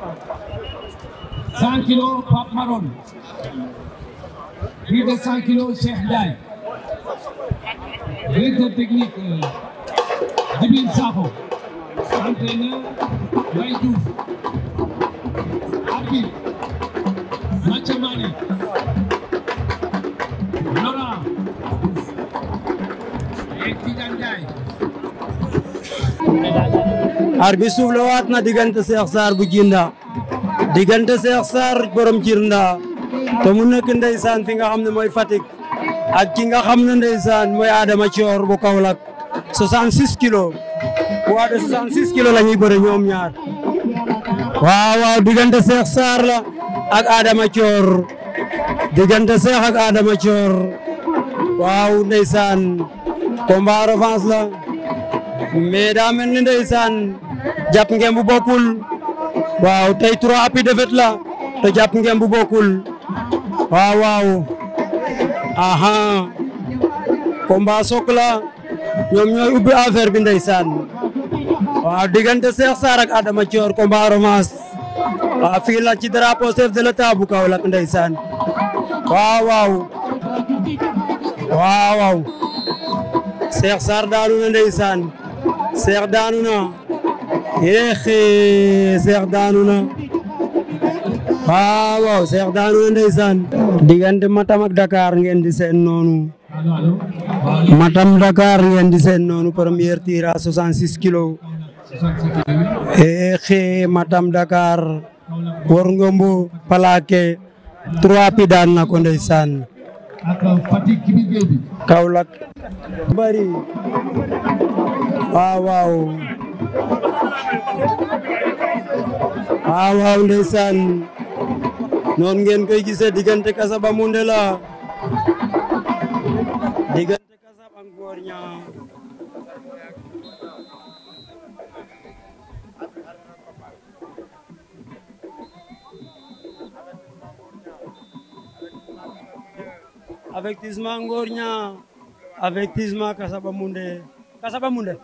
100 kilos Pape Maron plus de technique euh, Djibril Sakho entraîneur Mbaye Diouf arbitre Mathieu Mané arbi suuf la waat na diggante Cheikh saar bu Djinda diggante Cheikh Sarr borom Djinda te mu nekk ndeysaan fi nga xam ne mooy Fatick ak ki nga xam ne ndeysaan mooy Adama Thior bu Kaolack 66 kilos poids de 66 kilos la ñuy bëre ñoom ñaar waaw waaw diggante Cheikh Sarr la ak Adama Thior diggante Cheikh ak Adama Thior waaw ndeysaan combat revanche la mais daa mel ni jàpp ngeen bu bokkul waaw tey trois appui defet la te jàpp ngeen bu bokkul waaw waaw aha combat sok la ñoom ñooy ubbi affaire bi ndeysaan waaw diggante Cheikh Sarr ak Adama Thior combat romance waaw fii la ci drapeau chef de l'État bu Kaolack ndeysaan waaw waaw waaw waaw Cheikh Sarr daanu na ndeysaan Cheikh daanu na yéexee seex daanu na ah, waaw seex daanu na ndeysaan diggante Matam ak Dakar ngeen di seen noonu Matam Dakar ngeen di seen noonu première tirage 66 kilos yéexee Matam Dakar war ngombu plaqué trois pi daan na ko ndeysaan Kaolack bari waaw waaw ah, waaw ndeysaan noonu ngeen koy gisee diggante Kassab ak Moundela diggante Kassab ak Ngor Niang avertissement Ngor Niang avertissement Kassab ak Moundela Kassab ak Moundela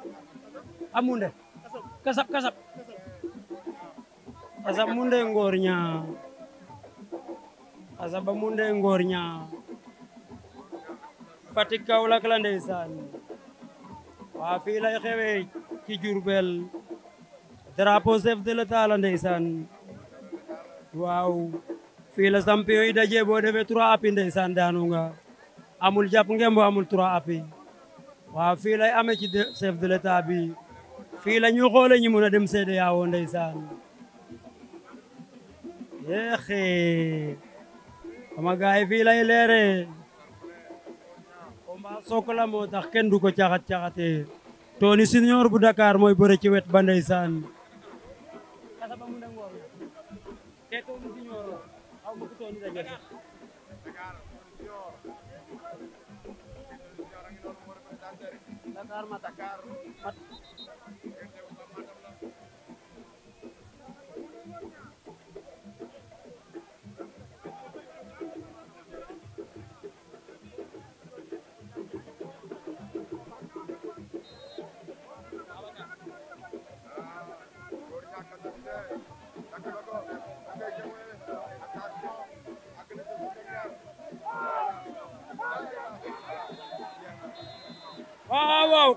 ak kasab kasab kasab mu ndee ngoor ñaa kasab ba ngoor ñaa Fatick Kaolack la ndeysaan waa fii lay xewee ci Jurbel drapeau chef de l'État ndeysaan waaw fii la champion yi dajee boo defee trois appuis ndeysaan daanu nga amul jàpp ngembo amul trois appuis waaw fii lay amee ci chef de fii la ñuy xoole ñi mën a dem seede yaawoo ndeysaan yeexe sama gaay yi fii lay leere combat sook la moo tax kenn du ko caxat-caxate Tony Junior bu Dakar mooy bëre ci wet ba ndeysaan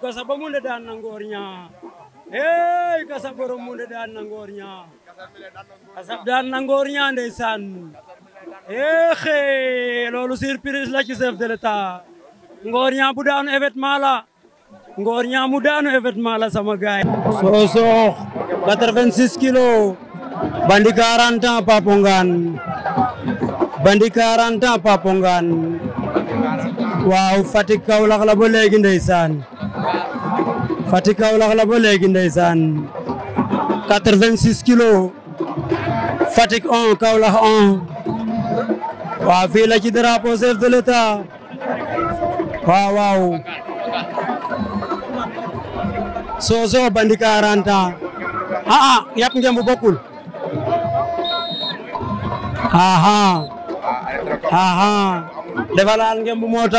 kasa ba munde na ngor nya hey kasa borom na ngor nya kasa dan na ngor nya ndeysaan eh, la ci chef de l'état bu daanu événement la ngor mu daanu événement la sama gaay soosoox 86 kilos papongaan bandi papongaan waaw Fatick Kaolack la ba léegi ndeysaan Fatick Kaolack la ba léegi ndeysaan 86 kilos Fatick 1 Kaolack 1 waaw fii la ci drapeau chef de waaw waaw Soso bandi 40 ah, ah, ngeen bu bokkul aha aha ah, dafa laal ngeen bu moo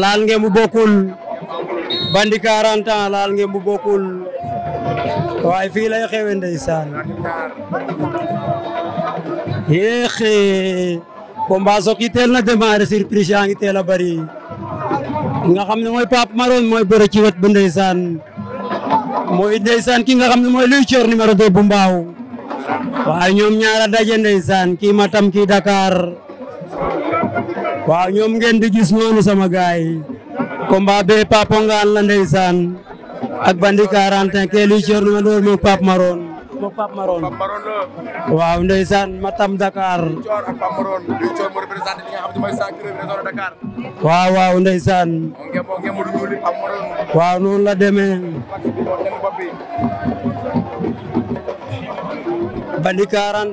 laal ngeen bu bokkul bandi 40 laal ngeen bu bokkul waaye fii lay xewe ndeysaan yéexee combat Sokh yi teel na démarré surprise yaa ngi teel a bari nga xam ne mooy Pape Maroon mooy bëre ci wet bu ndeysaan mooy ndeysaan ki nga xam ne mooy luy coor numéro 2 bu mbaaw waaye ñoom ñaara daje ndeysaan kii Matam kii Dakar waaw ñoom ngeen di gis noonu sama gaay combat bi Pape Ngane la ndeysaan ak bandi 41 ke lu ma door mo Pape Maron mo Pape Maron waaw ndeysaan matam Dakar waaw waaw ndeysaan waaw noonu la demee bandi 40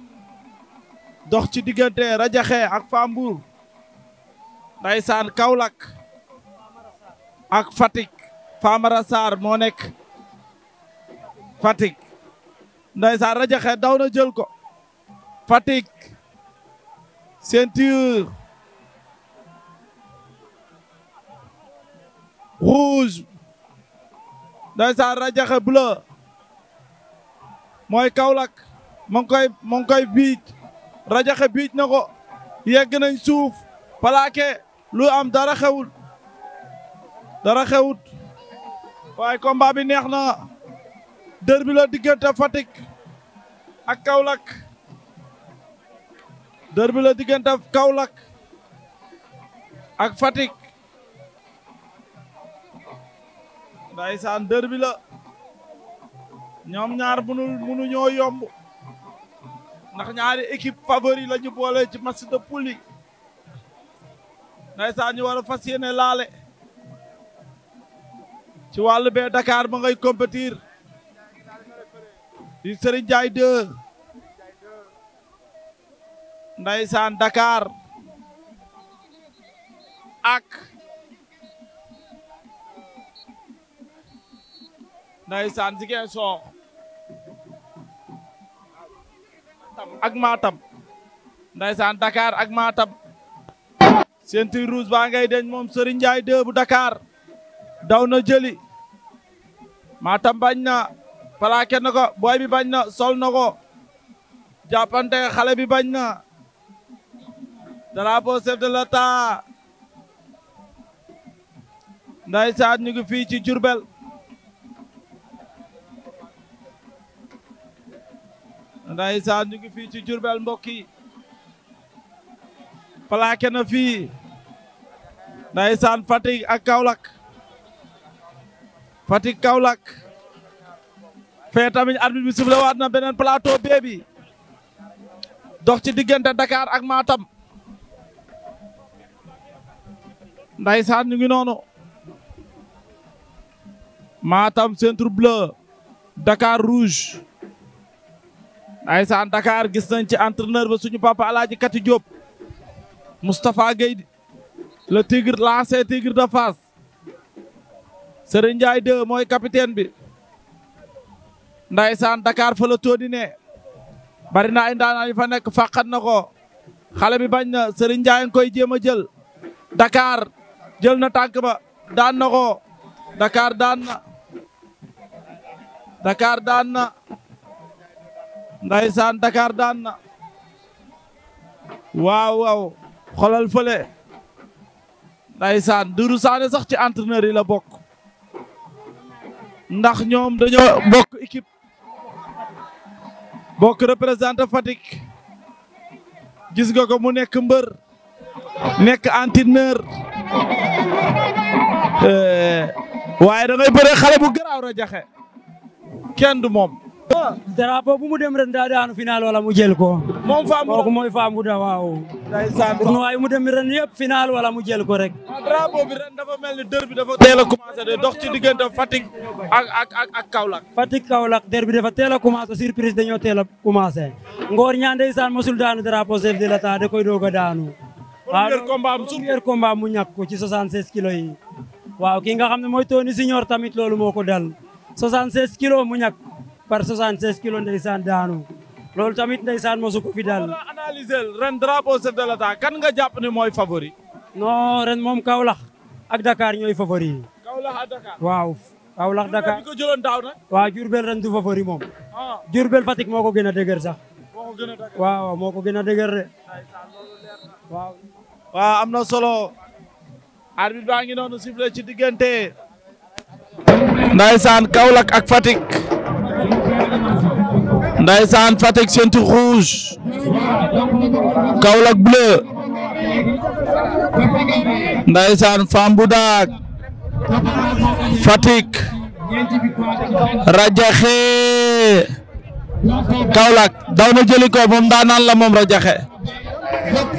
dox ci diggante rajaxe ak Fambour ndaysaan Kaolack ak fatik Famara Sarr moo nekk Fatick ndaysaan Radiakhé daw na jël ko Fatick ceinture rouge ndaysaan Radiakhé bleu mooy Kaolack mu koy mu koy biij rajaxe biij na ko yegg nañ suuf plaqué lu am dara xewul dara xewut waaye combat bi neex na derbi la diggante Fatick ak Kaolack derbi la diggante Kaolack ak Fatick ndaysaan derbi la ñoom ñaar munu munu ñoo yomb ndax ñaari équipe favori la ñu boole ci match de poule yi ndeysaan ñu war fas yéene laale ci wàllu bee Dakar ma ngay compétir di Serigne Ndiaye 2 ndeysaan Dakar ak ndeysaan Ziguinchor ak Matam ndaysaan Dakar ak maatam ceinture rouge baa ngay deñ moom Serigne Ndiaye 2 bu Dakar daw na jëli Matam bañ na plaqué na booy bi bañ na sol na ko xale bi bañ na drapeau chef de l'État ndaysaan ñu ngi fii ci Diourbel ndeysaan ñu ngi fii ci Jurbel mbokk yi plaqué na fii ndeysaan Fatick ak Kaolack Fatick kawlak fee tamit arbitre bi na beneen plateau bee bi dox ci diggante Dakar ak Matam ndeysaan ñu ngi noonu maatam centre bleu dakaar rouge ndeysaan Dakar gis nañ ci entraîneur ba suñu papa Kati Diop Moustapha Gueye le tigre l'ancien tigre de Fass Serigne mooy capitaine bi ndeysaan Dakar fa la tóodi bari na ay fa nekk fàqat na ko xale bi bañ na Serigne Ndiaye koy jéem a jël Dakar jël na tànk ba daan na ko Dakar daan ndaysaan Dakar daan na waaw waaw xolal fële ndaysaan Doudou Sané sax ci entraîneur yi la bokk ndax ñoom dañoo bokk équipe bokk représenté fatik gis nga ko mu nekk mbër nekk entraîneur eh, waaye da ngay bëre xale bu garaaw ra jaxe kenn du moom drapeau bu mu dem ren daa daanu final wala mu jël ko. moom faam bu kooku mooy faam bu mu dem ren yëpp final wala mu jël ko rek. Ah, drapeau a commencé de dox ci diggante Fatick ak ak ak ak Kaolack. Fatick dafa teel a commencé surprise dañoo teel a commencé. Ngor ñaan ndeysaan daanu drapeau chef de l'État da koy doog a daanu. premier combat am premier combat mu ñàkk ko ci 76 kilos yi. waaw ki nga xam ne mooy Tony Senior tamit loolu moo ko dal 76 kilos mu ñàkk. par 76 kilos ndeysaan daanu loolu tamit ndeysaan mosu ko fi daal. ren drapeau chef de l'État kan nga jàpp ne mooy favori. non ren moom Kaolack ak Dakar ñooy favori waaw. Kaolack Dakar waaw Diourbel ren du favori moom. Diourbel ah. Fatick moo ko gën a dëgër sax. gën a dëgër waaw moo ko gën a dëgër de. waaw. am na solo. arbitre baa ngi noonu sifflé ci diggante. ndaysaan Kaolack ak Fatick. Ndaysaan Fatick ceinture rouge Kaolack bleu Ndaysaan Famboudak Fatick Radiakhé Kaolack daw na jëli ko moom ndaanaan la moom Radiakhé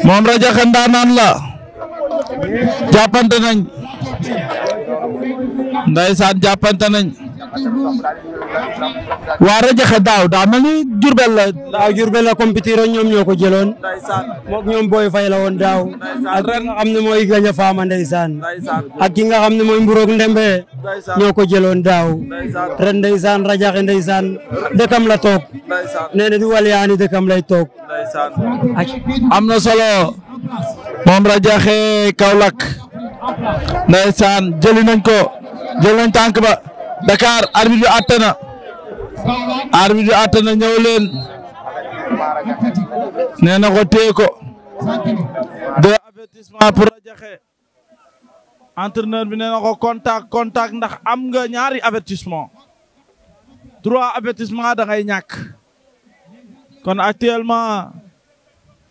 moom Radiakhé ndaanaan la jàppante nañ Ndaysaan jàppante nañ waa Radiakhé daaw daa mel ni la. daaw la compétir ñoom ñoo ko jëloon. mook ñoom Boy Faye la woon daaw. ak ki nga xam ne mooy Gagne Fama ndeysaan. ak ki nga xam ne mooy Mburoog Ndembe. ñoo ko jëloon daaw. ren ndeysaan Radiakhé ndeysaan dëkkam la toog. nee na di waliyaani dëkkam lay toog. am na solo. moom Radiakhé Kaolack. ndeysaan jëli nañ ko ba. Dakar arbitre bi àtte na arbitre bi àtte leen nee na ko téye ko deux avertissement pour Radiakhé entraîneur bi nee na ko contact contact ndax am nga ñaari avertissement trois avertissement da ngay ñàkk kon actuellement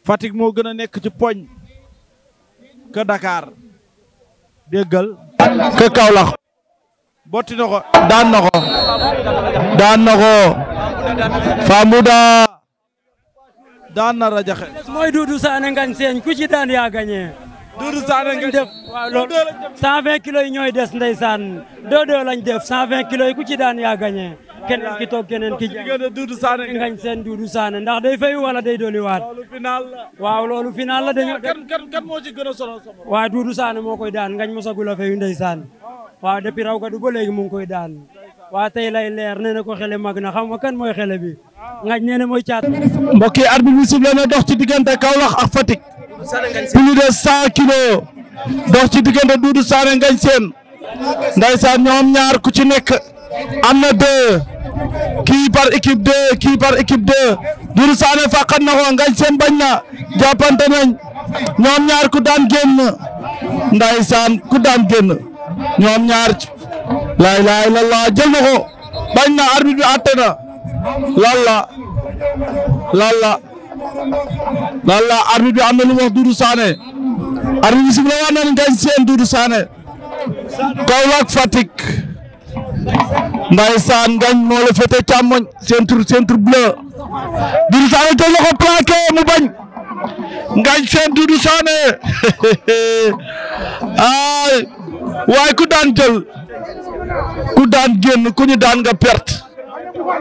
Fatick moo gën a nekk ci poñ que Dakar déggal que Kaolack botti na ko daan na ko daan na ko Famouda daan na Radiakhé mooy Doudou Sané ngañ seen ku ci daan yaa gagné Doudou Sané ngañ def waaw loolu 120 kilos yi ñooy des ndeysaan doo doo lañ def 120 kilos yi ku ci daan yaa gagné keneen ki toog keneen ki jàng Doudou Sané ngañ seen Doudou Sané ndax day fay wala day doliwaat loolu final waaw loolu final la dañoo kan kan moo ci gën a solo waaw Doudou Sané moo koy daan ngañ mosagul a fayu ndeysaan waa depuis raw gadu ba léegi mu ngi koy daan waa tey lay leer nee na ko xele mag na xam nga kan mooy xele bi ngaj nee na mooy caat mbokk yi arbitre bi sifflé na dox ci diggante Kaolack ak Fatick plus de cent kilos dox ci diggante Doudou Sané Ngagne Sène ndaysaan ñoom ñaar ku ci nekk am na deux kii par équipe deux kii par équipe deux Doudou Sané fàqat na ko Ngagne Sène bañ na jàppante nañ ñoom ñaar ku daan génn ndaysaan ku daan génn ñoom ñaar laa ilaaha illallah jël na bañ na arbitre bi àtte na lalla lalla lalla bi am na lu wax bi sifle waan ngañ seen Doudou Sané Kaolack Fatick ndaysaan ngañ moo la féete càmmoñ centre centre bleu Doudou Sané jël na ko mu bañ ngañ seen Doudou Sané ay waay ku daan jël ku daan génn ku ñu daan nga perte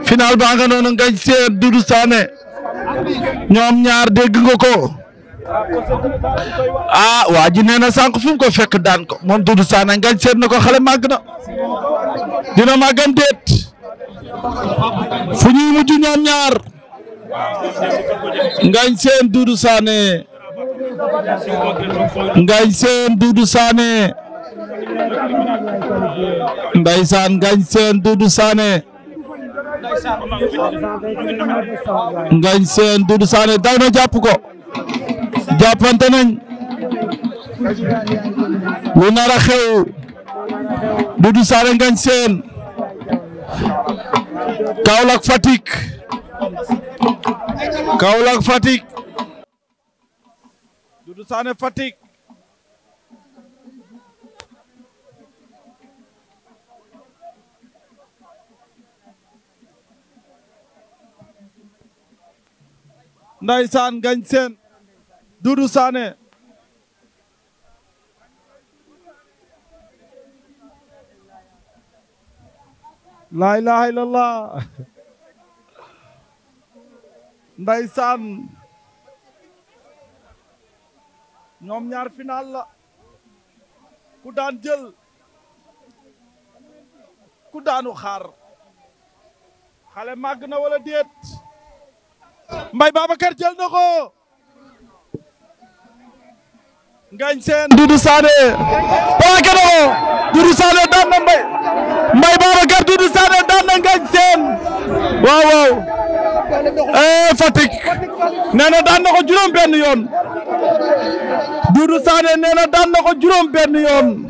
final ba nga noonu ngañ seen Doudou Sané ñoom ñaar dégg nga ko ah waa ji nee na sànq fu ko fekk daan ko moom Doudou Sané ngañ seen na ko xale màgg na dina màggam déet fu ñuy mujj ñoom ñaar ngañ seen Doudou Sané ngañ seen Doudou Sané Ndeysaan Ngagne Sène Doudou Sané Ngagne Sène day Sané daw na jàpp ko jàppante nañ lu nar a xew Doudou Sané Ngagne Sène Kaolack Fatick Kaolack Fatick Doudou ndaysaan ngañ seen dudu saane laa la illallah ndaysaan ñoom ñaar final la ku daan jël ku daanu xar xale màgg na wala déet Mbaye Babacar jël na ko. Ngagne Sène Doudou Sané plaqué na ko Doudou Sané daan na Mbaye Mbaye Babacar Doudou Sané daan na Ngagne Sène waaw waaw eh Fatick nee daan na ko juróom benn yoon Doudou Sané nee daan na ko juróom benn yoon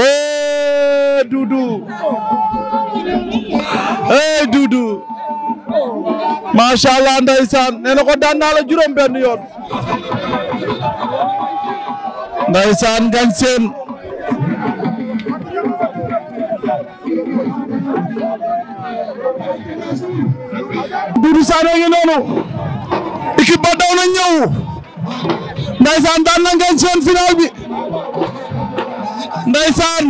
eh Doudou hey Doudou macha allah ndeysaan nee daan naa la juróom benn yoon ndeysaan gañ seen Doudou ngi noonu équipe ba na ñëw ndeysaan daan na gañ seen final bi ndeysaan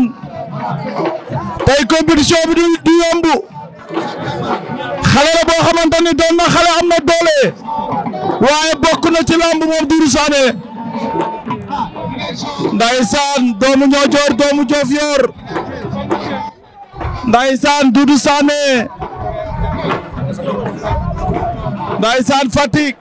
tey compétition bi du du yomb xale la boo xamante ni doon na xale am na doole waaye bokk na ci lamb moom Doudou doomu ñoojoor doomu joof yor ndaysaan Doudou Sané ndaysaan Fatick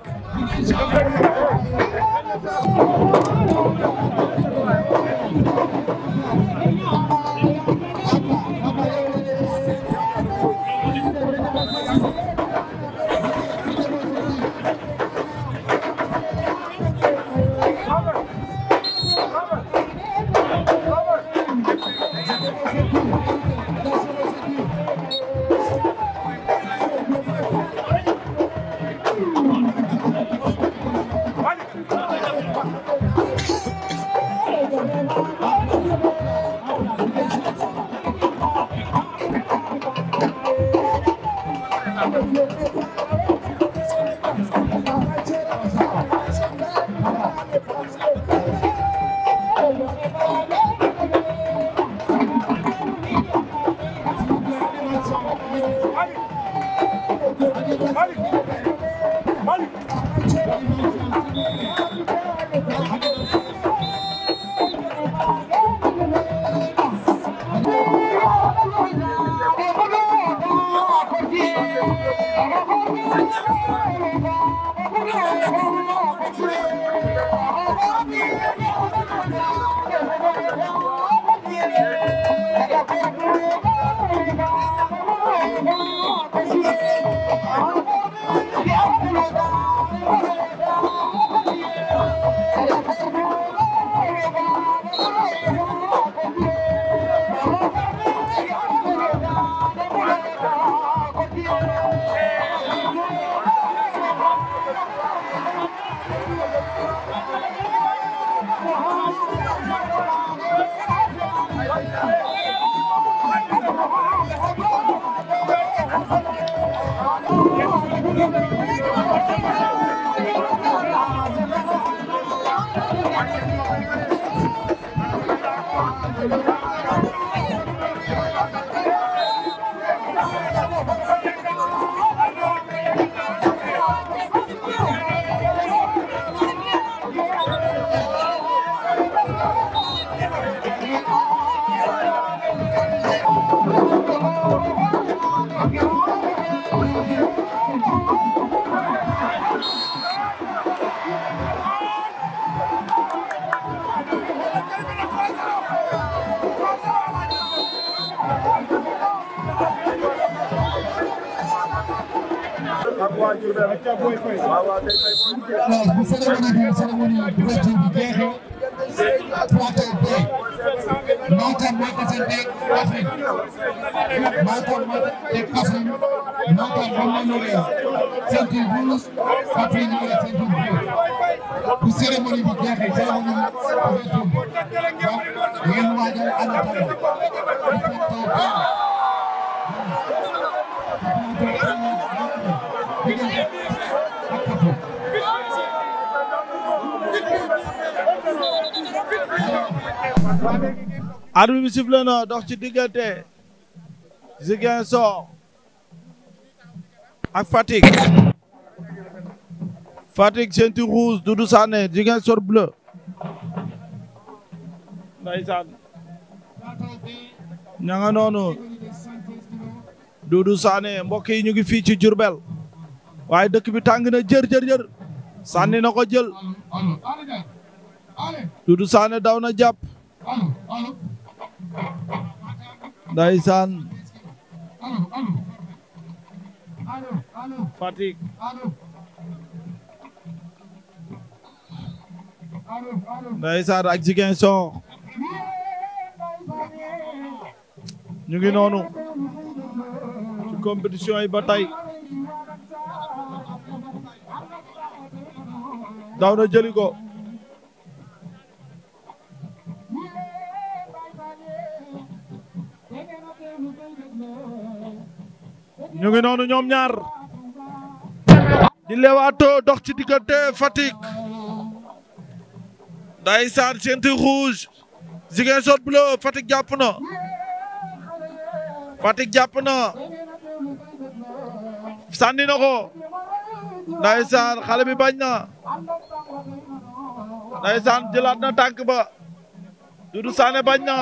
waaw bu cérémonie bi cérémonie ouverture bi jeexee plateau bi Matam moo tasanteeg Kaffrine Matam moo tasanteeg Kaffrine Matam moom la ñu waree ceinture rouge Kaffrine ñu waree ceinture bleue bu cérémonie bi jeexee cérémonie ouverture bi donc ngeen waajal ànd ak arbitre bi na dox ci diggante Ziguinchor ak Fatick Fatick ceinture rouge Doudou Sané Ziguinchor bleu ndeysaan ña nga noonu Doudou Sané mbokk yi ñu ngi fii ci Diourbel waaye dëkk bi tàng na jër jër jër na ko jël Doudou Sané daw na jàpp ndeysaan Fatick ndeysaan ak jigéen son ñu ngi noonu ci compétition yi ba tey daw na jëli ko ñu ngi noonu ñoom ñaar di lewaatoo dox ci diggante Fatick ndeysaan ceinture rouge Ziguinchor bleu Fatick jàpp na Fatick jàpp na sànni na ko ndeysaan xale bi bañ na ndeysaan jëlaat na tànk ba Doudou Sané bañ na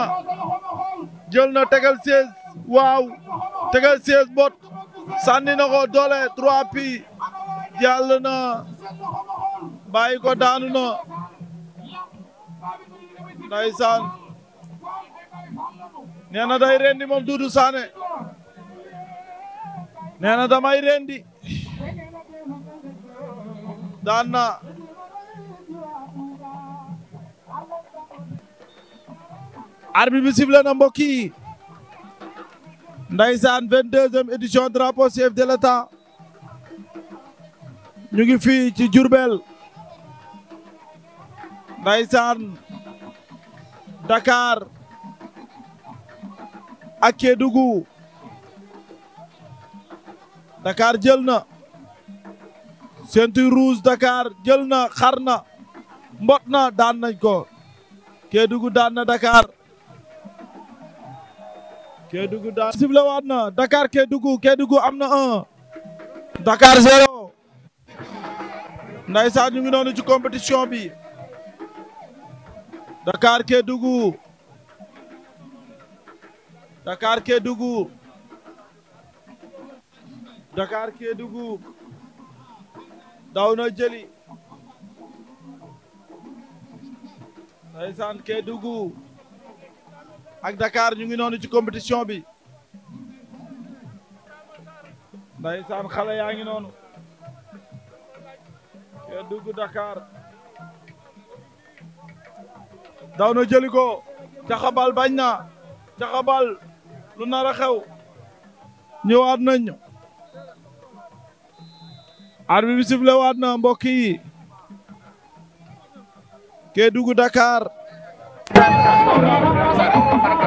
jël na tegal 16 waaw tegal 16 bot sànni na ko doole trois pi jàll na bàyyi ko daanu na ndeysaan nee na day rendi moom Doudou Sané nee na damay rendi daan na arbitre bi sifflé na mbokk yi Ndaysaan 22e édition drapeau chef de l'État ñu ngi fii ci jurbel Ndaysaan Dakar ak Kédougou Dakar jël na ceinture rouge Dakar jël na xar na mbot na daan nañ ko Kédougou daan na Dakar Kédougou daan sible waat na Dakar Kédougou Kédougou am na un Dakar zéro ndaysaan ñu ngi noonu ci compétition bi Dakar Kédougou Dakar Kédougou Dakar Kédougou daw na jëli ndaysaan Kédougou ak Dakar ñu ngi noonu ci compétition bi ndaysaan xale yaa ngi noonu ke dugg Dakar daw na jëli ko caxabal bañ na caxabal lu nar a xew ñëwaat nañu arbitre bi sifflé waat na mbokk yi ke dugg Dakar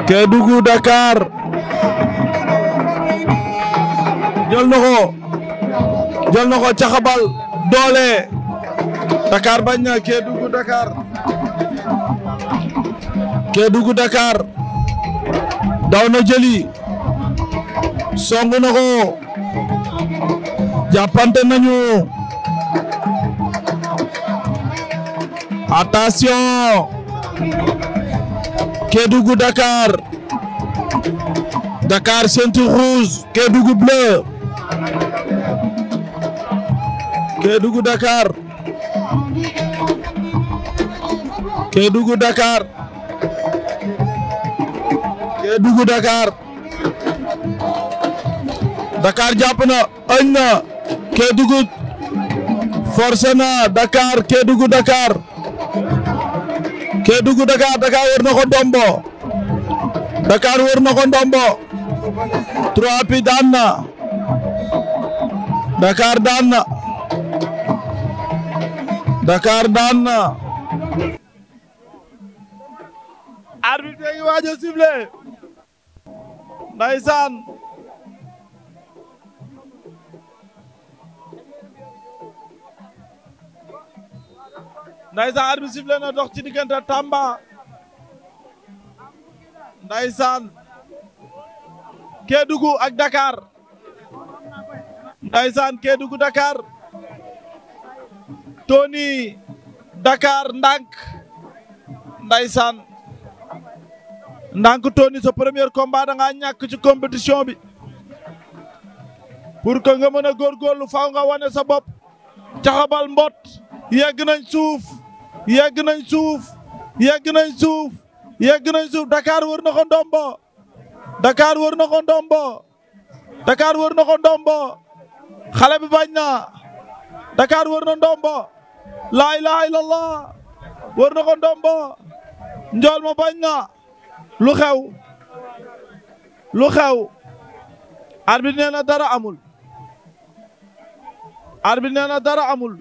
Kédougou Dakar jël na ko jël na ko caxabal doole Dakar bañ na Kédougou Dakar Kédougou Dakar daw na jëli song na ko jàppante nañu attention dugu Dakar Dakar ceinture rouge Kédougou bleu Kédougou Dakar Kédougou Dakar Dakar Dakar jàpp na añ na Kédougou forcé na Dakar Dakar Kédougou Dakar Dakar wër na ko ndombo Dakar wër na ko ndombo trois pi daan Dakar daan Dakar daan arbitre bi waaj a sifflé ndaysaan arbitre sifflé na dox ci diggante Tamba ndaysaan Kédougou ak dakaar ndaysaan Kédougou Dakar Tony Dakar ndank ndaysaan ndànk Tony sa premier combat ñàkk ci compétition bi pour que nga mën a góorgóorlu faaw nga wane sa bopp caxabal mbot yegg nañ suuf yegg nañ suuf yegg nañ suuf yegg nañ suuf Dakar wër na ko ndombo Dakar wër na ko ndombo wër na ko xale bi bañ na Dakar wër na ndombo laa ilaha illallah wër na ko ndombo njool ma bañ na lu xew lu xew arbitre nee na dara amul ar bi nee na dara amul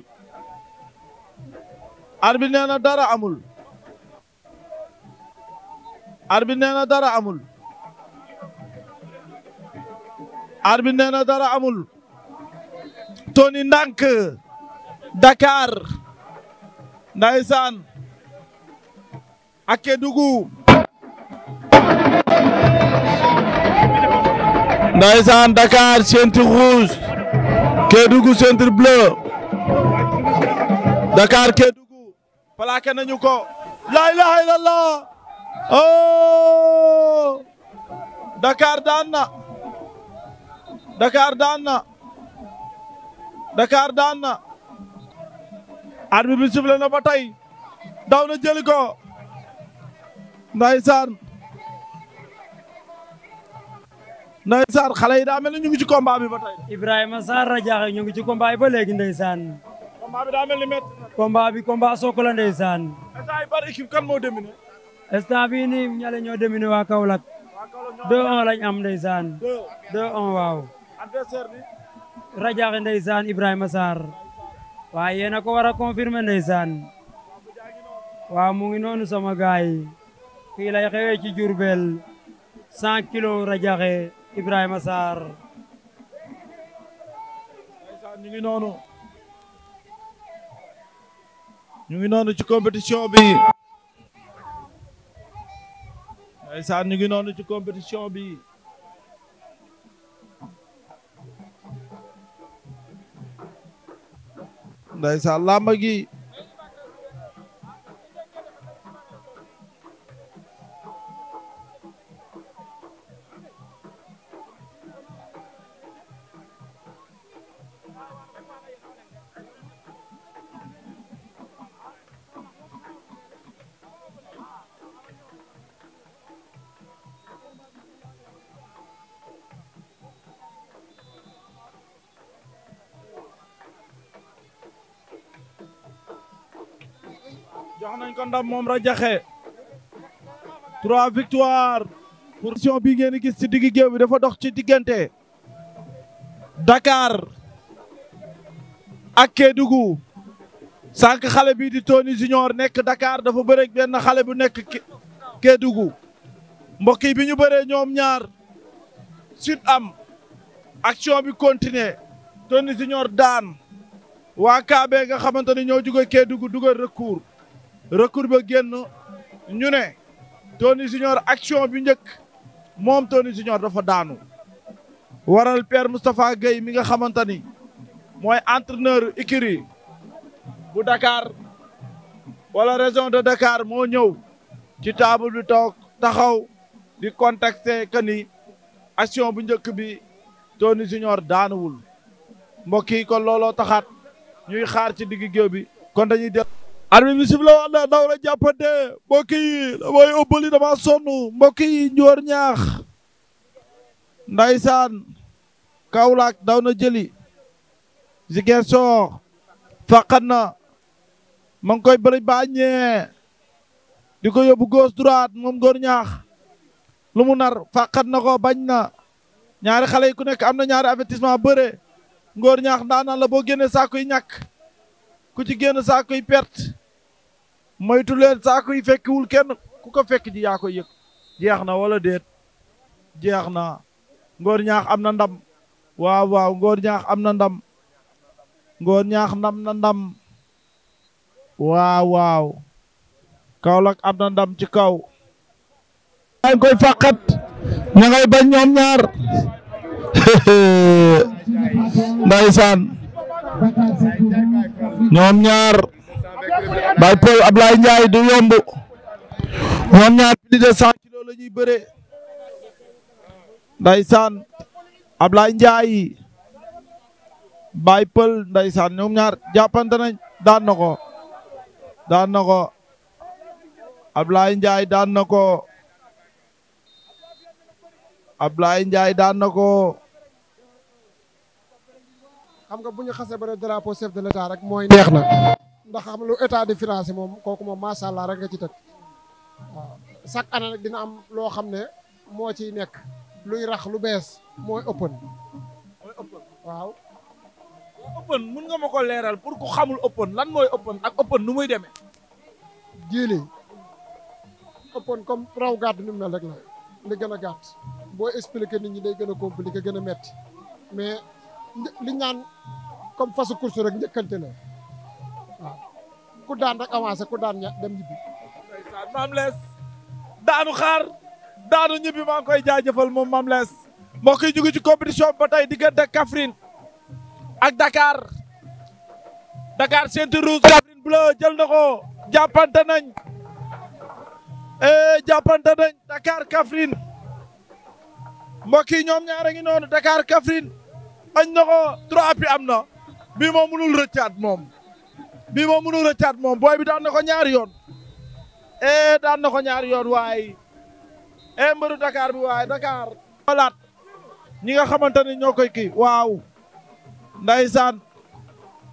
arbi nee na dara amul arbi nee na dara amul arbi nee na dara amul Tony ndànk Dakar ndaysaan ak Kédougou ndaysaan Dakar centre rouge Kédougou centre bleu Dakar Kédougou plaqué nañu ko la ilaha illallah oh Dakar daan na Dakar daan na Dakar daan na na ba tey daw na jëli ko ndeysaan ndeysaan xale yi daa mel ni ñu ngi ci combat bi Ibrahima Sarr Radiakhé yi ngi ci combat yi ba léegi ndeysaan combat daa mel ni métti combat bi combat Sokone la ndeysaan. instant yi par équipe kan moo dominé. instant bii lañ am ndeysaan. 2-1 waaw. adversaire ndeysaan Ibrahima Sarr. waaye yéen ko war a ndeysaan. waaw mu ngi noonu sama gaay yi. fii lay xewee ci Diourbel. 100 kilos Ibrahima Sarr. ñu ngi noonu ci compétition bi ñu ngi ci compétition bi ndeysaan làmb gi jox nañ moom Radiakhé trois victoires pour sion bi ngeen gis ci digg géew bi dafa dox ci diggante dakaar ak Kédougou sànq xale bi di Tony Junior nekk dakaar dafa bëre ak benn xale bu nekk Kédougou mbokk bi ñu bëree ñoom ñaar si am action bi continuer Tony Junior daan waa Kabe nga xamante ne ñoo jóge Kédougou dugal recours recours ba génn ñu ne Tony Junior action bi njëkk moom Tony Junior dafa daanu waral père Moustapha Gueye mi nga xamante ni mooy entraîneur écurie bu Dakar wala région de Dakar moo ñëw ci table bi toog taxaw di contexté que ni action bu njëkk bi Tony Junior daanuwul mbokk yi kon looloo taxaat ñuy xaar ci digg géew bi kon dañuy def arbitre bi siflé waat na daw la jàppante mbokk yi damay dama sonn mbokk yi njoor ñaax saan kawlaak daw na jëli Ziguinchor fàqat na ma ngi koy bëri bàññee di ko yóbbu gauche droite moom góor ñaax lu mu nar fàqat na ko bañ na ñaari xale yi ku nekk am na ñaari avertissement bëre ngoor ñaax ndaanaan la boo génnee saako yi ñàkk ku ci génn saako yi pert moytu leen saako yi fekkiwul kenn ku ko fekk ji yaa ko yëg jeex na wala déet jeex na ngoor ñaax am na ndam waaw waaw ngoor ñaax am na ndam ngoor ñaax ndam na ndam waaw waaw Kaolack am na ndam ci kaw yaa ngi koy fàqat ña ngay ñoom ñaar ndeysaan ñoom ñaar Baye Paul Ablaye Ndiaye du yomb ñoom ñaar plus de cent kilos la ñuy bëree ndaysaan Ablaye Ndiaye Baye Paul ndaysaan ñoom ñaar jàppante nañ daan na ko daan na ko Ablaye Ndiaye daan na ko Ablaye Ndiaye daan na ko xam nga bu ñu xasee ba drapeau chef de l'état rek mooy neex na ndax xam lu état de financé moom kooku moom macha allah rek nga ci teg waaw chaque année nag dina am loo xam ne moo ciy nekk luy rax lu bees mooy open waaw open mun nga ma ko leeral pour ku xamul open lan mooy open ak open nu muy demee jiili open comme raw gàtt ni mu mel rek la li gën a gàtt boo expliqué nit ñi day gën a compliqué gën a metti li ñaan comme fasu course rek njëkkante la ku daan rek avancé ku daan dem ñibbi maam lees daanu xaar daanu ñibbi maa koy jaajëfal moom maam lees mbokk yi jóge ci compétition ba tey diggante Kaffrine ak Dakar Dakar ceinture rouge Kaffrine bleu jël na ko jàppante nañ eh jàppante nañ Dakar Kaffrine ñoom ñaar a ngi noonu Dakar Kaffrine añ na ko trois appuis am na bii moom mënul rëccaat moom bii moom mënul rëccaat moom booy bi daan na ko ñaari yoon e daan na ko ñaari yoon waaye e eh, mbëru Dakar bi waaye Dakar xoolaat ñi nga xamante ni ñoo koy kii waaw ndaysaan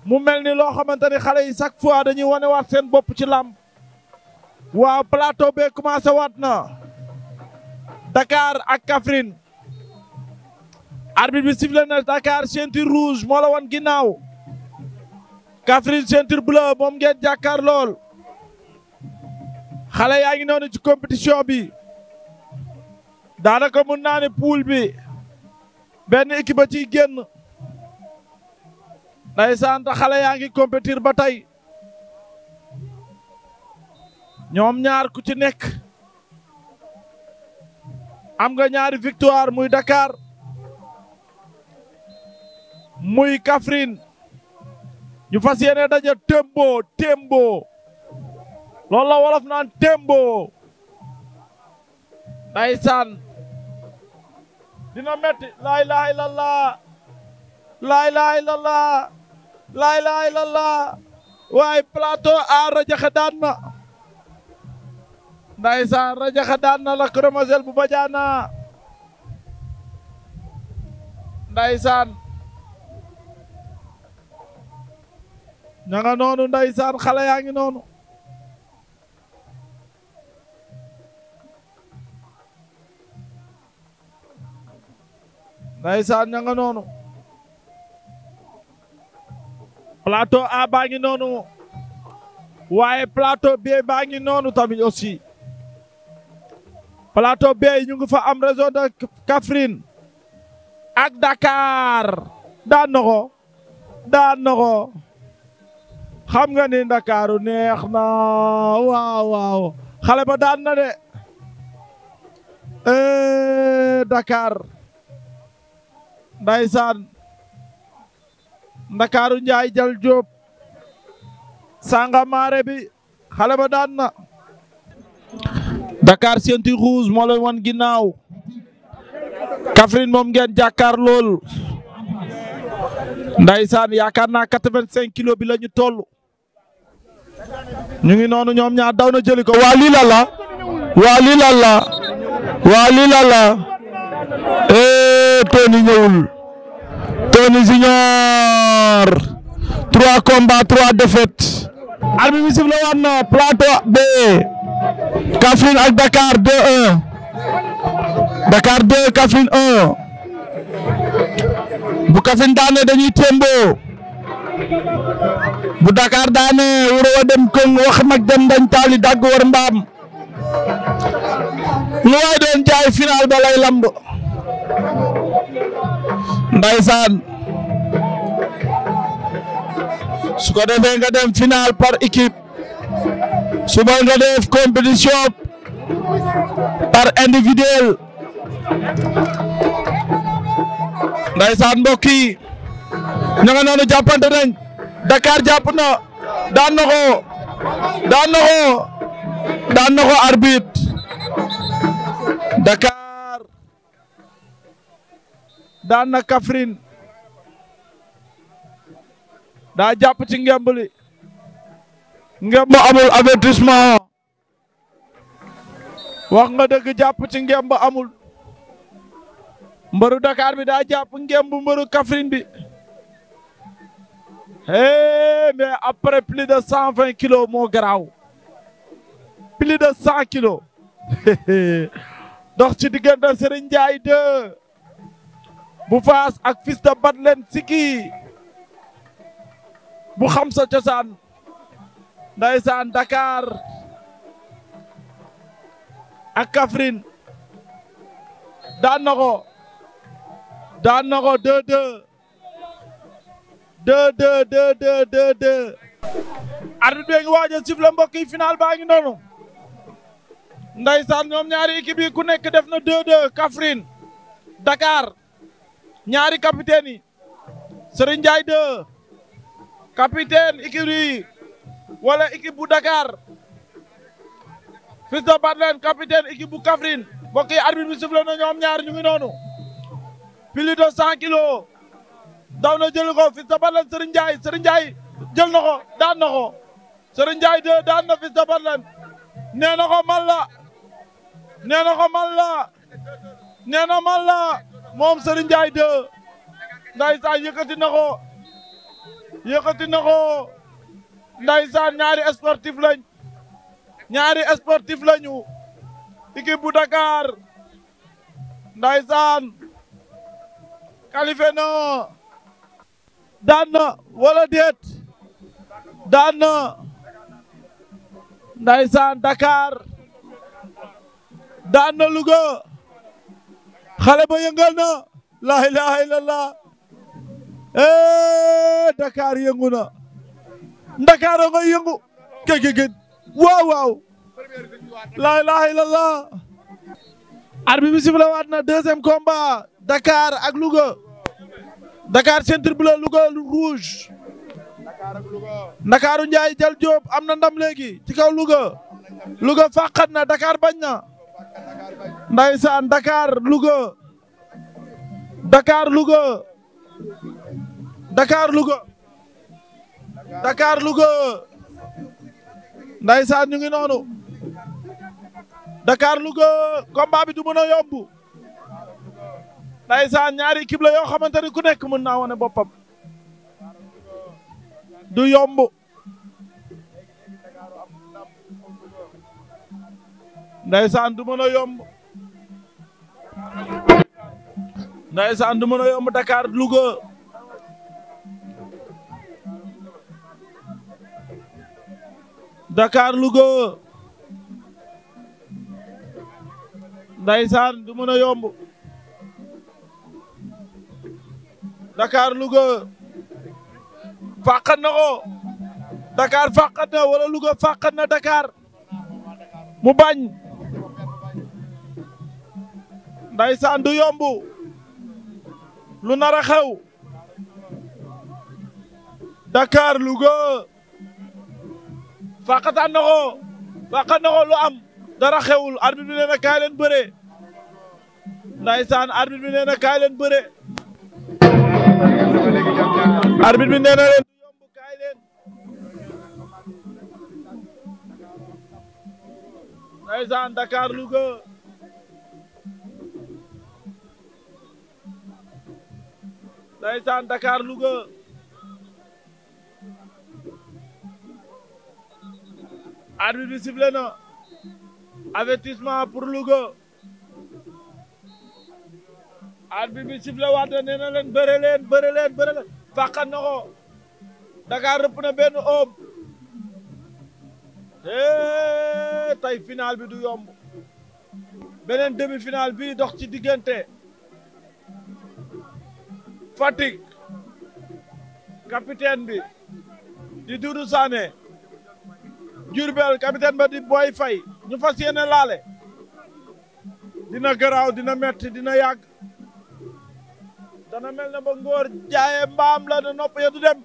mu mel ni loo xamante ni xale yi chaque fois dañuy wane waat seen bopp ci làmb waaw plateau bee commencé waat na Dakar ak Kaffrine arbitre bi sifflé na Dakar ceinture rouge moo la wan ginnaaw Kaffrine ceinture bleue moom ngeen jàkkaar lool xale yaa ngi noonu ci compétition bi daanaka mun naa ne poule bi benn équipe a ciy génn ndaysaan ta xale yaa ngi compétir ba tey ñoom ñaar ku ci nekk am nga ñaari victoire muy dakaar muy kafrin ñu fas yéene daje tembo tembo loolu la wolof naan tembo ndaysaan dina metti laa ilaha illallah laa ilaha illallah laa ilaha illallah waaye plateau a rajaxe daan na ndaysaan rajaxe daan na la kromosel bu bajaana ndaysaan ña nga noonu ndeysaan xale yaa ngi noonu ndeysaan nga noonu plateau A baa ngi noonu waaye plateau B baa tamit aussi plateau B ñu ngi fa am région de Kaffrine ak Dakar daan na ko daan na xam nga ni ndakaaru neex na waaw waaw xale ba daan na de eh, day ndaysaan ndakaaru njaay jal jóob sangamaare bi xale ba daan na Dakar Ceinture Rouge moo leen wan ginnaaw Kaffrine moom ngeen jàkkaar lool ndaysaan yaakaar naa quatre-vingt-cinq kilos bi la ñu toll ñu ngi noonu ñoom ñaar daw na jëli ko waa lii la la waa lii la eh, ñëwul Tony Junior trois combats trois défaites. arbitre bi sifflé waat na plateau B Kaffrine ak Dakar 2-1 Dakar 2 Kaffrine 1 bu Kaffrine daane dañuy témboo. bu Dakar daane wuro dem Kong wax mag dem dañ taali dagg war mbaam lu waay doon jaay final ba lay lamb ndaysaan su ko defee nga dem final par équipe suba nga def compétition par individuel ndaysaan mbokk yi ña nga noonu jàppante nañ Dakar jàpp na daan na ko daan na ko daan na daan na Kaffrine daa jàpp ci ngemb li ngemb amul avertissement wax nga dëgg jàpp ci ngemb amul mbëru dakaar bi daa jàpp ngemb mbëru kafrin bi hee eh, mais après plus de cent vingt kilos moo garaaw plus de cent kilos dox ci diggante Serigne Ndiaye 2 bu faas ak fils de Batlen Siki bu xam sa cosaan ndaysaan Dakar ak kafrin daan na ko daan na ko 2-2 deux deux deux deux ngi waaj a siffle mbokk yi final baa ngi noonu. Ndeysaan ñoom ñaari équipe ku nekk def na 2-2 Kaffrine Dakar ñaari capitaine yi Serigne Ndiaye 2 wala équipe bu Dakar Fils de Batlen capitaine équipe bu mbokk yi arbitre bi siffle ñoom ñaar ñu ngi noonu plus de 100 kilos daw na jëli ko Fils de Batlen Serigne Ndiaye Serigne Ndiaye jël na ko daan na ko Serigne Ndiaye daan na Fils de Batlen nee na ko man la nee na ko man moom Serigne Ndiaye de ndaysaan yëkkati na ko yëkkati na ko ndaysaan ñaari sportif lañ ñaari sportif lañu équipe bu Dakar ndaysaan qualifié na daan na wala déet daan na ndaysaan Dakar daan na Louga xale ba yëngal na la ilaha illallah eh Dakar yëngu na Dakar a ngay yëngu kekegeen waaw waaw la ilaha illallah arbitre bi sifla waat na deuxième combat Dakar ak Louga dakaar centre bleu Louga rouge. Ndakaaru Ndiaye Jal Diop am na ndam léegi ci kaw Louga. Louga fàqat na Dakar bañ na. Ndaysaan Dakar Louga. Dakar Louga. Dakar Louga. Dakar Louga. Ndaysaan ñu ngi noonu. Dakar Louga combat bi du mën a yomb. ndaysaan ñaari équipe la yoo xamante ne ku nekk mën naa wane boppam du yomb ndaysaan du mën a yomb ndaysaan du mën a yomb Dakar Louga Dakar Louga ndaysaan du mën a yomb Dakar Louga fàqat na ko Dakar fàqat na wala Louga fàqat na Dakar mu bañ ndaysaan du yomb lu nar a xew Dakar Louga fàqataan na ko fàqat na ko lu am dara xewul arbitre bi nee na kaay leen bëre ndaysaan arbitre bi nee na kaay leen bëre arbitre bi nee na leen du yomb leen ndeysaan Dakar Louga ndeysaan Dakar Louga arbitre bi sifflé na avertissement pour Louga arbitre bi sifflé waat nee leen bëre leen bëre leen fàqan na ko Dakar rëpp na benn oom eh, tey final bi du yomb beneen demi final bi dox ci diggante Fatick capitaine bi di Doudou Sané Diourbel capitaine ba di Boy fay ñu fas yéene laale dina garaaw dina metti dina yàgg dana mel ne ba jaaye mbaam la na nopp ya dem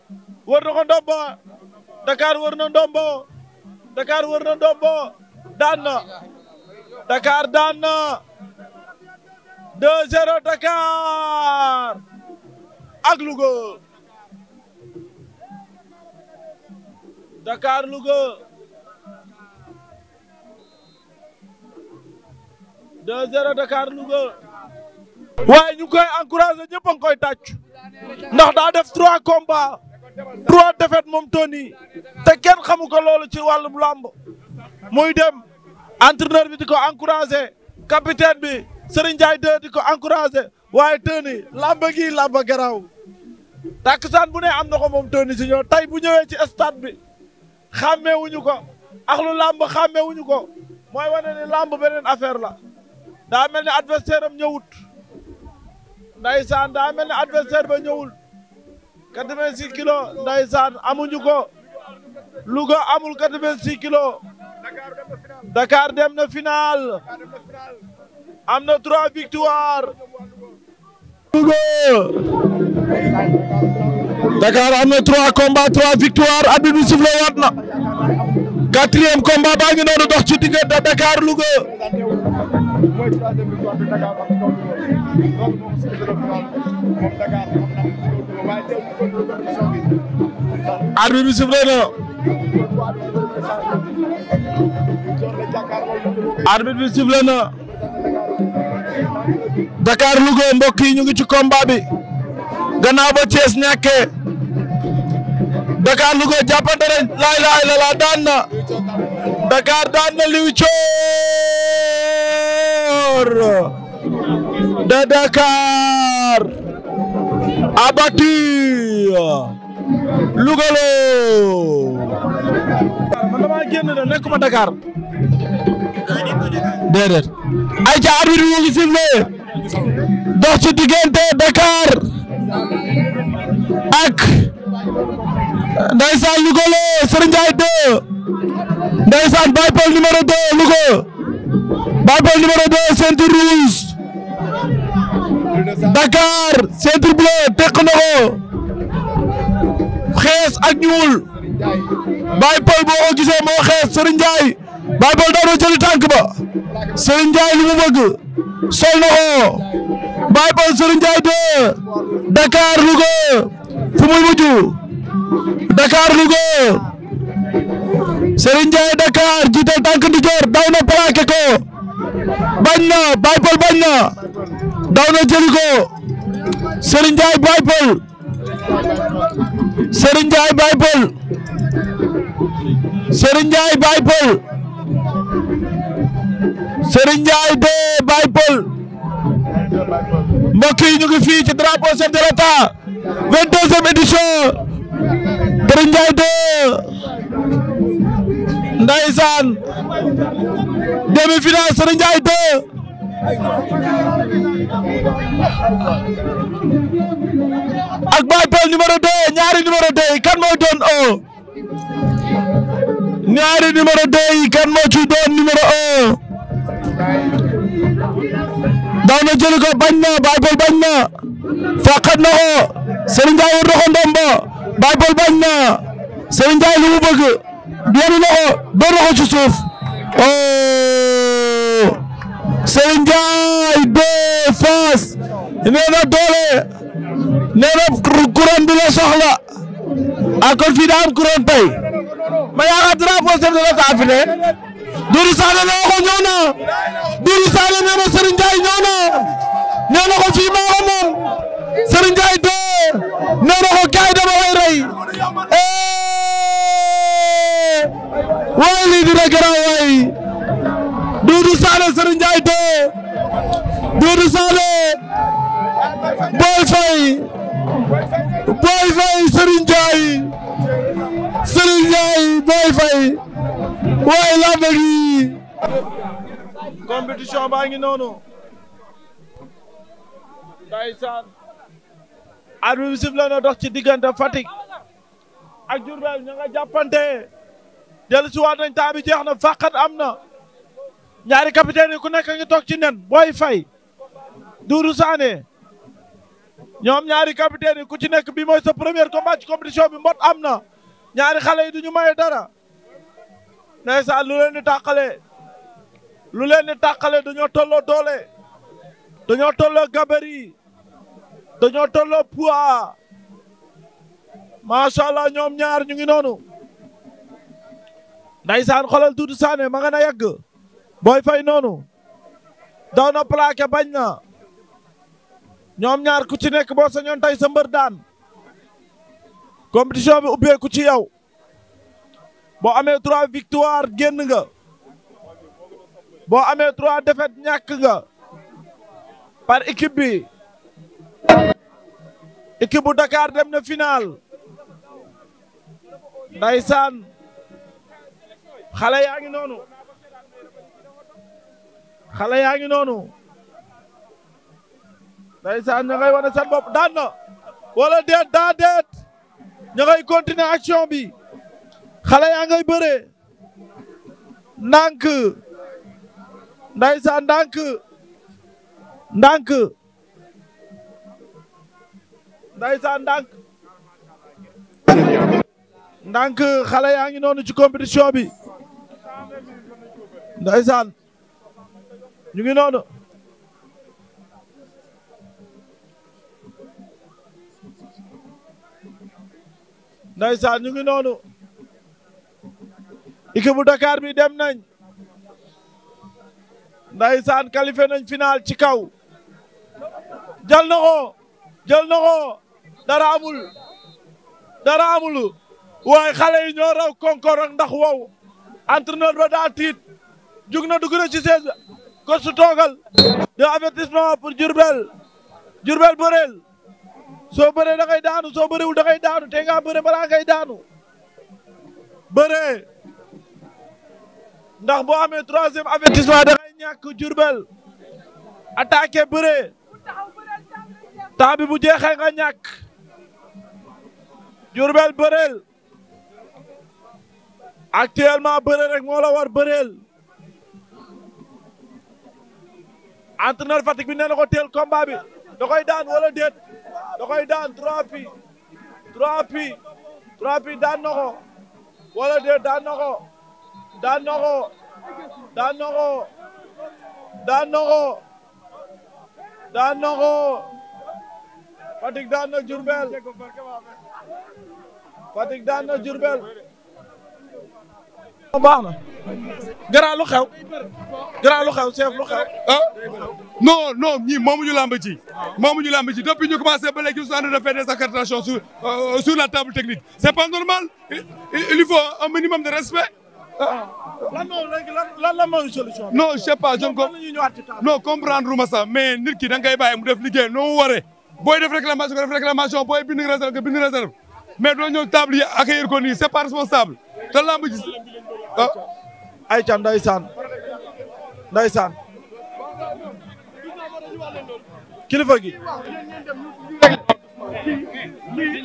wër na ko ndombo Dakar wër na ndombo Dakar wër na ndombo daan na Dakar daan na 2 ak Louga Dakar Louga 2-0 Dakar Louga waaye ñu ngi koy encouragé ñëpp a koy tàcc ndax daa def trois combats trois défaites moom Tony te kenn xamu ko loolu ci wàllum làmb muy dem entraîneur bi di ko encouragé capitaine bi Serigne Ndiaye di ko encouragé waaye Tony làmb gi làmb garaaw tàkkusaan bu ne am na ko moom Tony Junior tey bu ñëwee ci stade bi xàmmeewuñu ko ak làmb xàmmeewuñu ko mooy wane ni làmb beneen affaire la daa mel ni adversaire am ñëwut. ndaysaan daa mel ni adversaire ba ñëwul quatre-vingt-six kilos ndaysaan amuñu ko Louga amul quatre-vingt-six kilos Dakar dem na final am na trois victoires Louga Dakar am na trois combats trois victoires arbitre bi sifflé na quatrième combat baa noonu dox ci diggante Dakar Louga loolu moom si moom Dakar am na waaye bi sifflé na. na. Dakar Louga mbokk yi ñu ngi ci combat bi. gannaaw ba Thiès ñàkkee. Dakar Louga jàppante nañ laay la la daan na. Dakar daan na liw coor. de Dakar abattu Louga loo. man damaa génn de nekkuma Dakar. déedéet. ayca arbitre bi mu ngi sifflé. dox ci diggante Dakar ak ndeysaan Louga loo Serigne Ndiaye 2 ndeysaan Baye Paul numéro 2 Louga Baye Paul numéro 2 ceinture rouge. Dakar centre bleu teq na ko ak ñuul Baye Paul boo ko gisee moo xees Serigne Ndiaye Baye Paul daw tànk ba Serigne Ndiaye lu mu bëgg sol na ko Baye Paul Serigne Ndiaye de Dakar Louga fu muy mujj Dakar Louga Serigne Ndiaye Dakar jiital tànk ndijoor daw na ko bañ na Baye Paul bañ na daw na jëli ko Serigne Ndiaye Baye Peul Serigne Ndiaye Baye ñu fii ci drapeau chef de l'État 22 demi-finale Serigne Ndiaye ak Baye Peul numéro 2 ñaari numéro 2 yi kan doon o ñaari numéro 2 yi kan doon numéro o daw na jëli ko bañ na Baye Peul bañ na faqat ko ndomba Baye Peul bañ na Serigne Ndiaye lu mu bëgg doon na ko doon na ko ci suuf oh! Serigne Ndiaye Deux Fass doole nee na couronne bi la soxla ah kon fii daa ma yaakaar drapeau chef de l'État fi ne Doudou Sané nee na ko ñëw na Doudou Sané nee na Serigne Ndiaye ñëw na nee na ko fii maa ko moom Doudou Sané Serigne Ndiaye 2 Doudou Sané Boy Faye Boy Faye Serigne Ndiaye Serigne Ndiaye Boy Faye waaye lamb gi compétition baa ngi noonu ndeysaan bi sifflé na dox ci diggante Fatick ak Diourbel ña nga jàppante dellu si waat nañ taa na fàqat am na ñaari capitaine ku nekk ngi toog ci nen Boy fay Doudou Sané ñoom ñaari capitaine ku ci nekk bi mooy sa premier combat ci compétition bi mbot am na ñaari xale yi duñu may dara ndeysaan lu leen di tàqale lu leen di tàqale dañoo tolloo doole dañoo tolloo gabarit dañoo tolloo poids macha allah ñoom ñaar ñu ngi noonu ndeysaan xolal Doudou Sané ma nga na yegg Boy Faye noonu daw na plaqué bañ na ñoom ñaar ku ci nekk boo sañoon tey sa mbër daan compétition bi ubbeeku ci yow boo amee trois victoire génn nga boo amee trois défaites ñàkk nga par équipe bi équipe bu Dakar dem na final ndaysaan xale yaa ngi noonu xale yaa ngi noonu ndeysaan ña ngay wane seen bopp daan na wala déet daa déet ña action bi xale yaa ngay bëree ndànk ndeysaan ndànk ndànk ndeysaan ndànk ndànk xale yaa ngi noonu ci compétition bi ndeysaan ñu ngi noonu ndeysaan ñu ngi noonu équipe bu Dakar bi dem nañ ndeysaan qualifié nañ final ci kaw jël na ko jël na ko dara amul dara amul xale yi ñoo raw konkor ndax wow entraîneur ba daa tiit jug na dugg ci seize ko su toogal de avertissement pour Diourbel bëreel soo bëree da daanu soo bëreewul da ngay daanu te nga bëre balaa ngay daanu bëree ndax boo amee troisième avertissement da ngay ñàkk Diourbel attaqué bëree temps bi bu jeexee nga ñàkk Diourbel bëreel actuellement bëree rek moo war bëreel entraîneur Fatick bi nee na ko teel combat bi da koy daan wala déet da daan trois pi trois daan na ko wala daan na daan na daan na daan na ko daan na ko Fatick daan na Diourbel baax na. garaan lu xew. garaan lu xew chef lu xew. ah non non ñii moomuñu lamb ji. moomuñu lamb ji ñu commencé ba léegi ils sont en train de faire des incartations sur euh, sur la table technique c'est pas normal il faut un minimum de respect. Ah. lan moo léegi lan lan mooy solution. comprendre ma sax mais nit ki da ngay bàyyi mu def liggéey noo waree booy def réclamation nga def réclamation booy bind réserve mais doo ñëw table yi nii c'est pas responsable. te lamb ji ah ay ndeysaan ndeysaan kilifa gi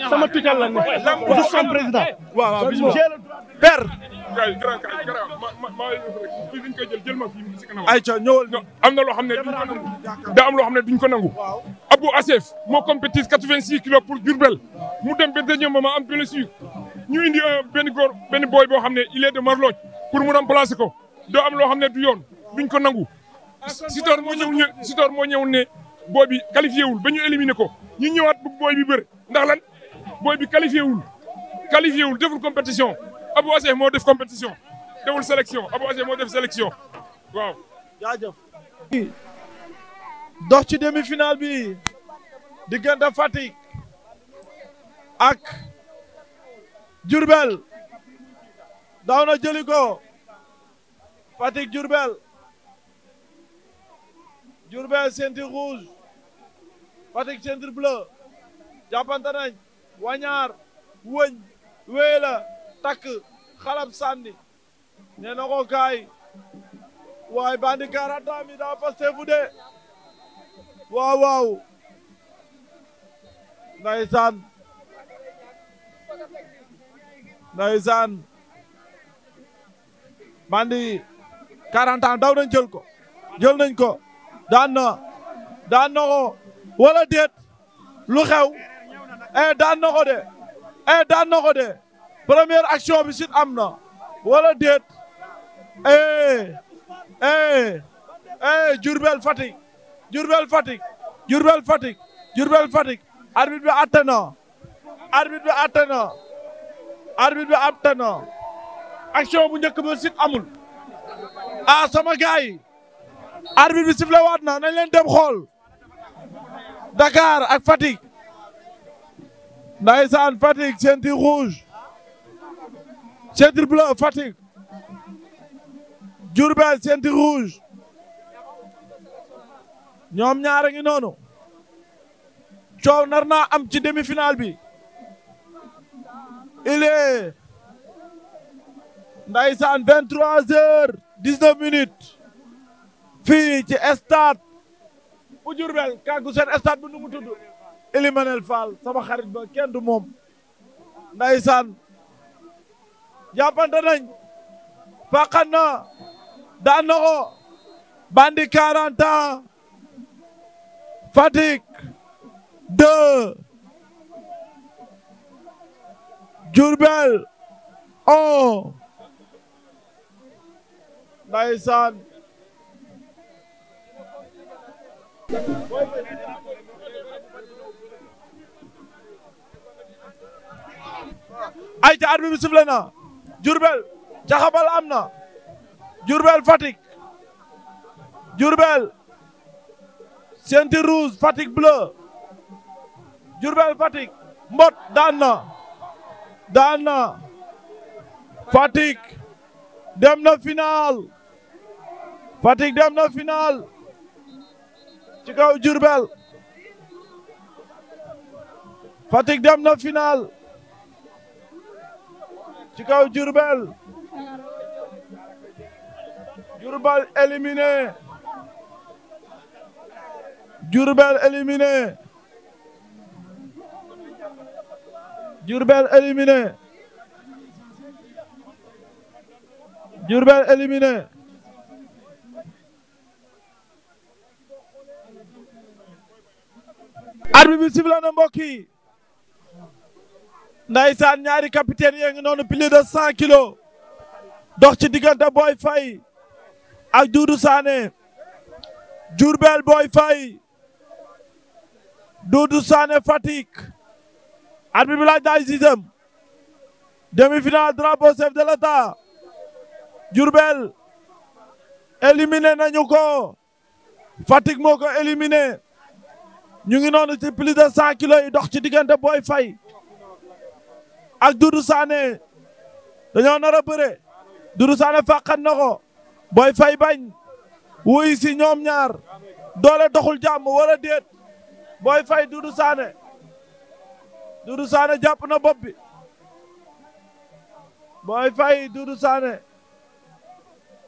sama tucal la ne du son président waaw waaw bismillah père ayca ñëwal am na loo xam ne duñ ko nangu da am loo xam ne duñ ko nangu Abou Assef moo compétit 86 kilos pour Diourbel mu dem ba dernier moment am blessure ñu indi euh, benn góor benn booy boo xam ne il est de Marlooj pour mu remplacer ko doo am loo xam ne du yoon duñ ko nangu. Sitor moo ñëw Sitor moo ñëw ne booy bi qualifié wul ba ñu éliminé ko ñu ñëwaat bu booy bi bër ndax lan booy bi qualifié wul. qualifié wul deful compétition Abou Assef moo def compétition deful sélection Abou Assef moo def sélection waaw. jaajëf. dox ci demi-finale bi diggante Fatick ak. Diourbel daw na jëli ko Fatick Diourbel Diourbel ceinture rouge Fatick ceinture bleu jàppante wañaar wëñ wéela takk xalab sànni nee na ko kaay waay bandi karata fu de waaw waaw ndeysaan ndeysaan Mandi 40 daw nañ jël ko jël nañ ko daan na daan na ko wala déet lu xew eh daan na ko de eh daan na ko de première action bi sit am na wala déet eh eh eh Diourbel Fatick Diourbel Fatick Diourbel Fatick Diourbel Fatick arbitre bi atte na arbitre bi atte na arbitre bi am te na action bu njëkk ba sit amul ah sama gars yi arbitre bi sifflé waat na nañ leen dem xool Dakar ak Fatick ndaysaan Fatick ceinture rouge ceinture bleu Fatick Diourbel ceinture rouge ñoom ñaar a ngi noonu coow nar naa am ci demi-finale bi il est ndaysaan vingt heures dix neuf minutes fii ci stade bu Diourbel kàggu seen stade bu nu mu tudd Elimanel sama xarit ba kenn du moom ndaysaan jàppante nañ faqan daan na ko bandi quarante ans Fatick Diourbel un oh. ndaysaan ay ca arbitre bi sifflé na Diourbel jaxabal am na Diourbel Fatick Diourbel ceinture rouge Fatick bleu Diourbel Fatick mbot daan na daan na dem na final Fatick dem na finaal ci kaw Diourbel Fatick dem na final ci kaw Diourbel Diourbel éliminé Diourbel éliminé Diourbel éliminé Diourbel éliminé arbitre bi sifflé na mbokk yi ndaysaan ñaari capitaine yee ngi noonu plus de cent kilos dox ci diggante Boy Faye ak Doudou Sané Diourbel Boy Faye Doudou Sané Fatick arbitre bi laaj na ay sixième demi-finale drapeau chef de l'État Diourbel éliminé nañu ko Fatick moo éliminé ñu ngi noonu ci plus de cent kilos yi dox ci diggante Boy fay ak Doudou Sané dañoo nar a bëre Doudou Sané fàqan na ko Boy bañ wuy si ñoom ñaar doole doxul jàmm wara déet Boy Faye Doudou Sané Doudou Sané jàpp na bopp bi Boy Faye Doudou Sané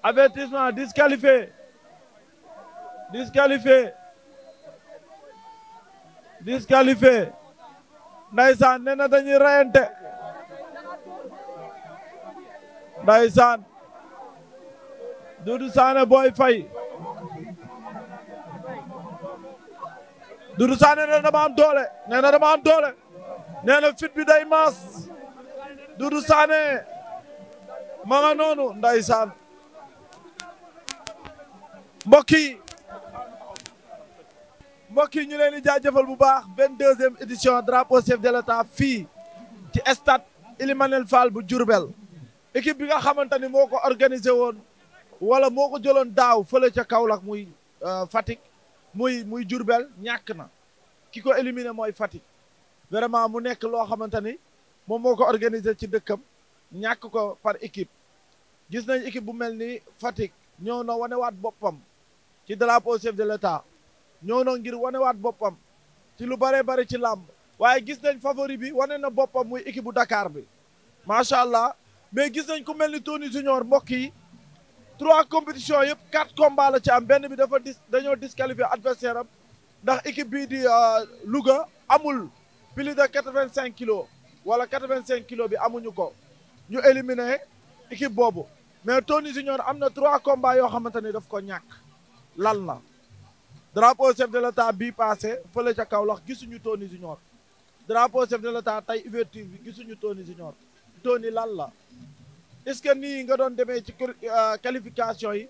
avertissement disqualifié disqualifié disqualifié ndaysaan nee na dañuy reyante ndaysaan Doudou Sané Boy Faye Doudou Sané nee na dama am doole nee na dama am doole nee na fit bi day maas Doudou Sané ma nga noonu ndeysaan mbokk yi mbokk yi ñu leen di jaajëfal bu baax vingt deuxième édition drapeau chef de l'état fii ci stade Ilimanel Fall bu jurubel équipe bi nga xamante ni moo ko organisé woon wala moo ko jëloon daaw fële ca Kaolack muy euh, Fatick muy muy Diourbel ñàkk na ki ko éliminé moy Fatick vraiment mu nekk loo xamante ni moom moo ko organiser ci dëkkam ñàkk ko par équipe gis nañ équipe bu mel ni Fatick ñëw na wanewaat boppam ci drapeau chef de l'État ñëw na ngir wane waat boppam ci lu bare bare ci làmb waaye gis nañ favori bi wane na boppam muy équipe bu Dakar bi macha allah mais gis nañ ku mel ni Tony Junior mbokk yi trois compétitions yëpp quatre combats la ci benn bi dafa dis dañoo disqualifié adversaire am ndax équipe bii di euh, Louga amul plus de quatre-vingt-cinq kilos wala quatre-vingt-cinq kilos bi amuñu ko ñu éliminé équipe boobu mais Tony Junior am na trois combats yoo xamante ni daf ko ñàkk lal la drapeau chef de l'état bii passé fële ca Kaolack gisuñu Tony Junior drapeau chef de l'état tey ouverture bi gisuñu Tony Junior Tony lal la est-ce que nii nga doon demee ci euh, qualification yi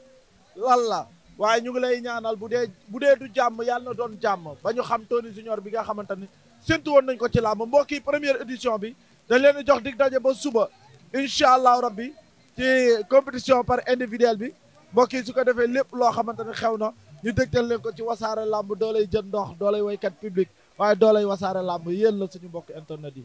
lan la waaye ñu ngi lay ñaanal bu dee bu dee du jàmm yàlla na doon jàmm ba ñu xam Tony Junior bi nga xamante ni séntu woon nañ ko ci làmb mbokk yi première édition bi dañ leen di jox dig daje ba suba incha allahu rabbi ci compétition par individuel bi mbokk su ko defee lépp loo xamante ne xew na ñu dégtal leen ko ci wasaare làmb doo lay jën ndox doo woykat public waaye doo lay wasaare làmb yéen la suñu mbokk internet yi